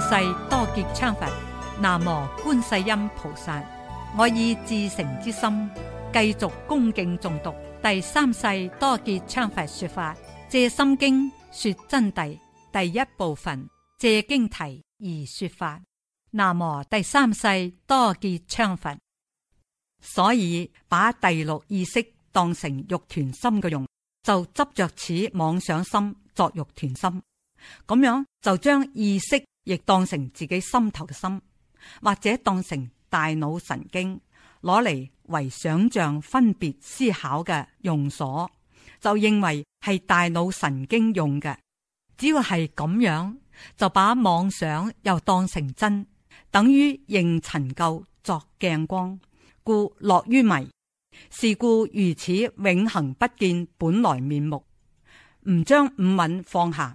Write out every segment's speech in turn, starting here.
世多杰羌佛，南無觀世音菩薩。我以至誠之心，繼續恭敬重讀第三世多杰羌佛說法《借心經》說真諦第一部分《借經題》而說法。南無第三世多杰羌佛。所以把第六意識當成肉團心嘅用，就執着此妄想心作肉團心，咁樣就將意識。亦當成自己心頭嘅心，或者當成大腦神經攞嚟為想象分別思考嘅用所，就認為係大腦神經用嘅。只要係咁樣，就把妄想又當成真，等於認陳舊作鏡光，故落於迷。是故如此，永恒不見本來面目。唔將五蘊放下，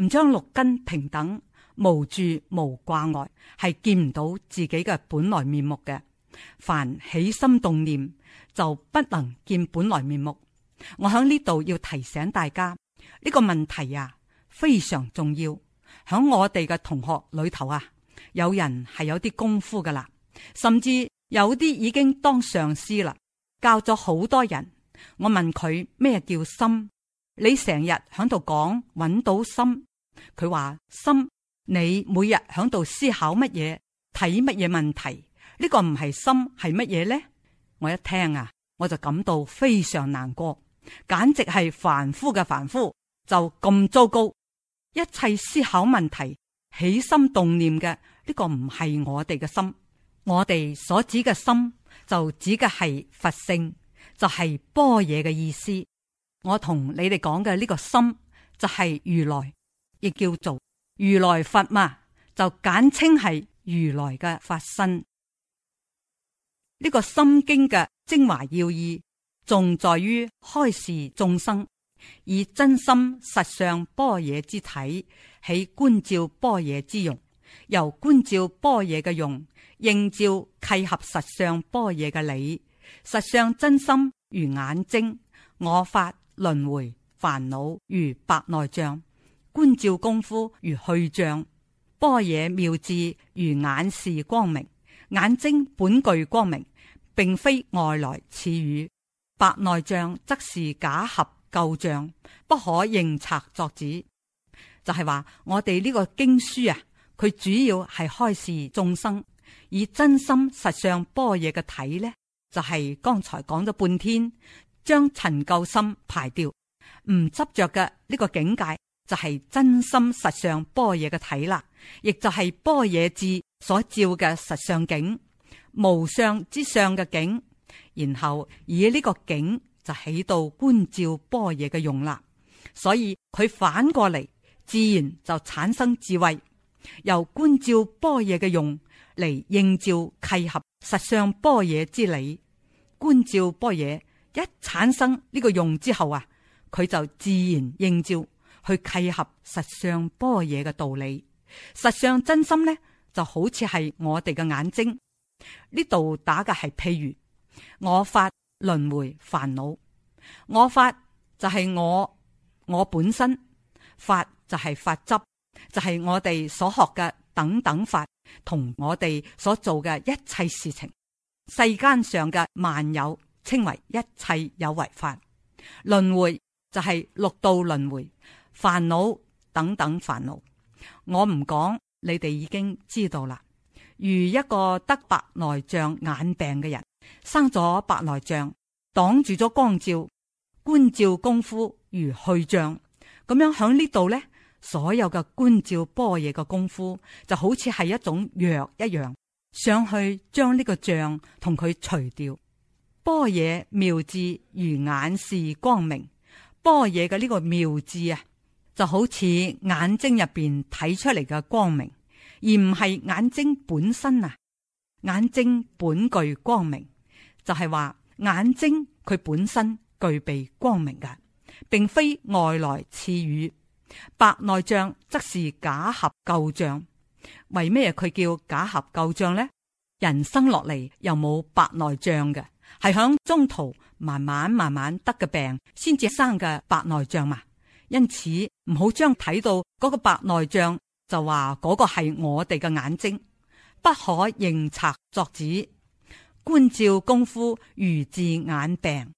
唔將六根平等。無住無掛礙，係見唔到自己嘅本來面目嘅。凡起心動念，就不能見本來面目。我喺呢度要提醒大家，呢個問題啊非常重要。喺我哋嘅同學裏頭啊，有人係有啲功夫噶啦，甚至有啲已經當上師啦，教咗好多人。我問佢咩叫心，你成日喺度講揾到心，佢話心。你每日響度思考乜嘢，睇乜嘢問題？呢個唔係心，係乜嘢咧？我一聽啊，我就感到非常難過，簡直係凡夫嘅凡夫就咁糟糕。一切思考問題、起心動念嘅呢個唔係我哋嘅心，我哋所指嘅心就指嘅係佛性，就係般若嘅意思。我同你哋講嘅呢個心就係如來，亦叫做。如來佛嘛，就簡稱係如來嘅法身。呢、這個心經嘅精華要義，重在於開示眾生，以真心實相般若之體，起觀照般若之用，由觀照般若嘅用，映照契合實相般若嘅理。實相真心如眼睛，我法輪迴煩惱如白內障。觀照功夫如去障，般若妙智如眼視光明。眼睛本具光明，並非外來賜予。白內障則是假合舊像，不可認賊作子。就係、是、話我哋呢個經書啊，佢主要係開示眾生以真心實相般若嘅體呢，就係、是、剛才講咗半天，將塵垢心排掉，唔執着嘅呢個境界。就係真心實相般若嘅體啦，亦就係般若智所照嘅實相景無相之上嘅景，然後以呢個景就起到觀照般若嘅用啦。所以佢反過嚟自然就產生智慧，由觀照般若嘅用嚟應照契合實相般若之理。觀照般若一產生呢個用之後啊，佢就自然應照。去契合實相般若嘅道理，實相真心咧就好似係我哋嘅眼睛。呢度打嘅係譬如我法輪回煩惱，我法就係我我本身，法就係法執，就係、是、我哋所學嘅等等法同我哋所做嘅一切事情，世間上嘅萬有稱為一切有為法，輪回就係六道輪回。煩惱等等煩惱，我唔講，你哋已經知道啦。如一個得白內障眼病嘅人，生咗白內障，擋住咗光照，觀照功夫如去障，咁樣喺呢度呢，所有嘅觀照般若嘅功夫就好似係一種藥一樣，上去將呢個障同佢除掉。般若妙智如眼視光明，般若嘅呢個妙智啊。就好似眼睛入邊睇出嚟嘅光明，而唔係眼睛本身啊。眼睛本具光明，就係、是、話眼睛佢本身具備光明噶，並非外來賜予。白內障則是假合舊障。為咩佢叫假合舊障咧？人生落嚟又冇白內障嘅，係響中途慢慢慢慢得嘅病，先至生嘅白內障嘛、啊。因此唔好將睇到嗰個白內障就話嗰個係我哋嘅眼睛，不可認賊作子。觀照功夫如治眼病，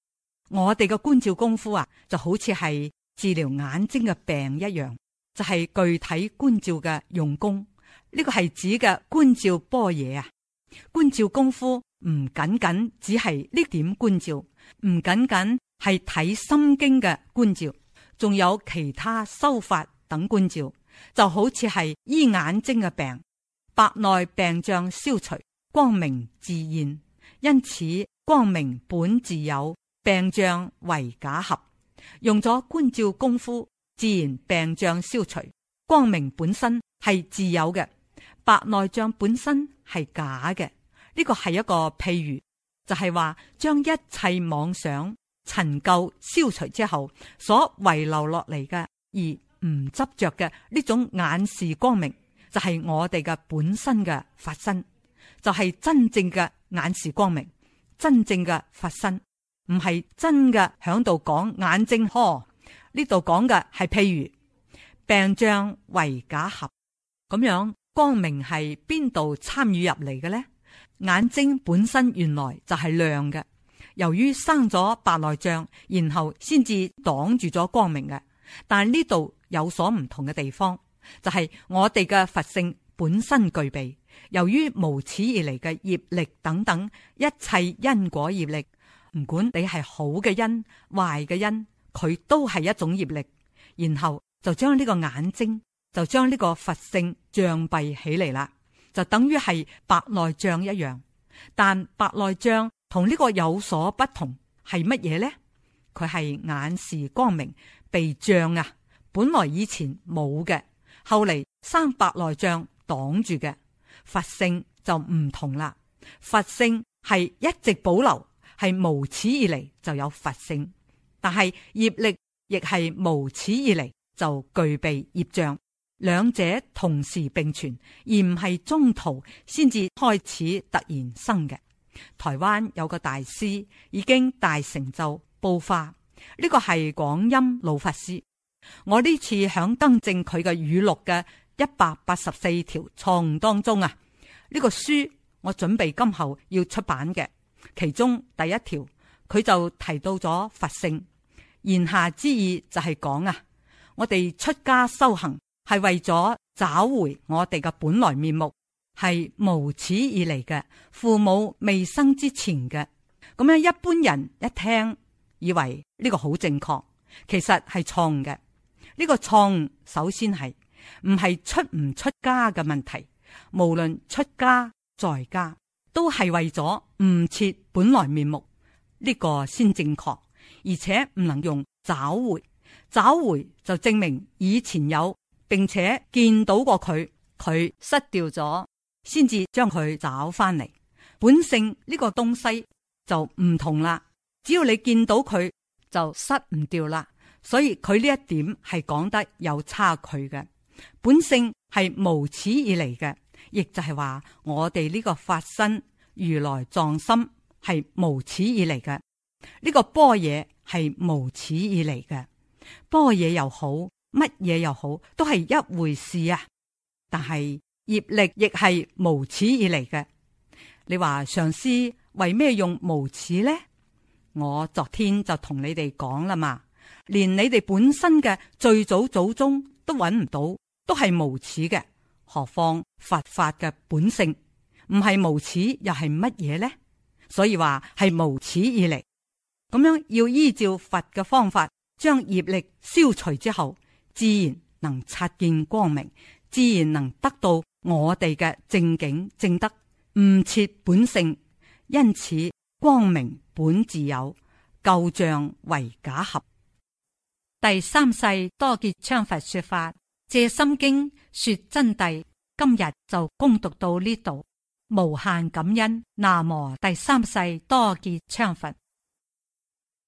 我哋嘅觀照功夫啊，就好似係治療眼睛嘅病一樣，就係、是、具體觀照嘅用功。呢個係指嘅觀照般若啊，觀照功夫唔僅僅只係呢點觀照，唔僅僅係睇心經嘅觀照。仲有其他修法等觀照，就好似係醫眼睛嘅病，白內病障消除，光明自然。因此光明本自有，病障為假合，用咗觀照功夫，自然病障消除。光明本身係自有嘅，白內障本身係假嘅。呢個係一個譬喻，就係話將一切妄想。陳舊消除之後，所遺留落嚟嘅而唔執着嘅呢種眼視光明，就係我哋嘅本身嘅法身，就係真正嘅眼視光明，真正嘅法身，唔係真嘅響度講眼睛呵，呢度講嘅係譬如病障為假合咁樣，光明係邊度參與入嚟嘅呢？眼睛本身原來就係亮嘅。由於生咗白內障，然後先至擋住咗光明嘅。但呢度有所唔同嘅地方，就係、是、我哋嘅佛性本身具備。由於無始而嚟嘅業力等等一切因果業力，唔管你係好嘅因、壞嘅因，佢都係一種業力。然後就將呢個眼睛，就將呢個佛性障蔽起嚟啦，就等於係白內障一樣。但白內障。同呢個有所不同係乜嘢呢？佢係眼視光明，被障啊！本來以前冇嘅，後嚟生白內障擋住嘅。佛性就唔同啦，佛性係一直保留，係無始以嚟就有佛性。但係業力亦係無始以嚟就具備業障，兩者同時並存，而唔係中途先至開始突然生嘅。台灣有個大師已經大成就報發，呢個係廣音老法師。我呢次響更正佢嘅語錄嘅一百八十四條錯誤當中啊，呢、這個書我準備今後要出版嘅。其中第一條佢就提到咗佛性，言下之意就係講啊，我哋出家修行係為咗找回我哋嘅本來面目。係無始以嚟嘅父母未生之前嘅咁樣，一般人一聽以為呢個好正確，其實係錯誤嘅。呢個錯誤首先係唔係出唔出家嘅問題，無論出家在家，都係為咗悟徹本來面目，呢個先正確，而且唔能用找回。找回就證明以前有，並且見到過佢，佢失掉咗。先至將佢找翻嚟，本性呢個東西就唔同啦。只要你見到佢，就失唔掉啦。所以佢呢一點係講得有差距嘅。本性係無始以嚟嘅，亦就係話我哋呢個法身如來藏心係無始以嚟嘅，呢個般若係無始以嚟嘅，般若又好，乜嘢又好，都係一回事啊。但係。業力亦係無始以嚟嘅。你話上師為咩用無始呢？我昨天就同你哋講啦嘛，連你哋本身嘅最早祖宗都揾唔到，都係無始嘅。何況佛法嘅本性唔係無始又係乜嘢呢？所以話係無始以嚟。咁樣要依照佛嘅方法，將業力消除之後，自然能擦見光明，自然能得到。.我哋嘅正景正德唔切本性，因此光明本自有舊像為假合。第三世多杰羌佛說法，借心經說真諦。今日就恭讀到呢度，無限感恩。南無第三世多杰羌佛。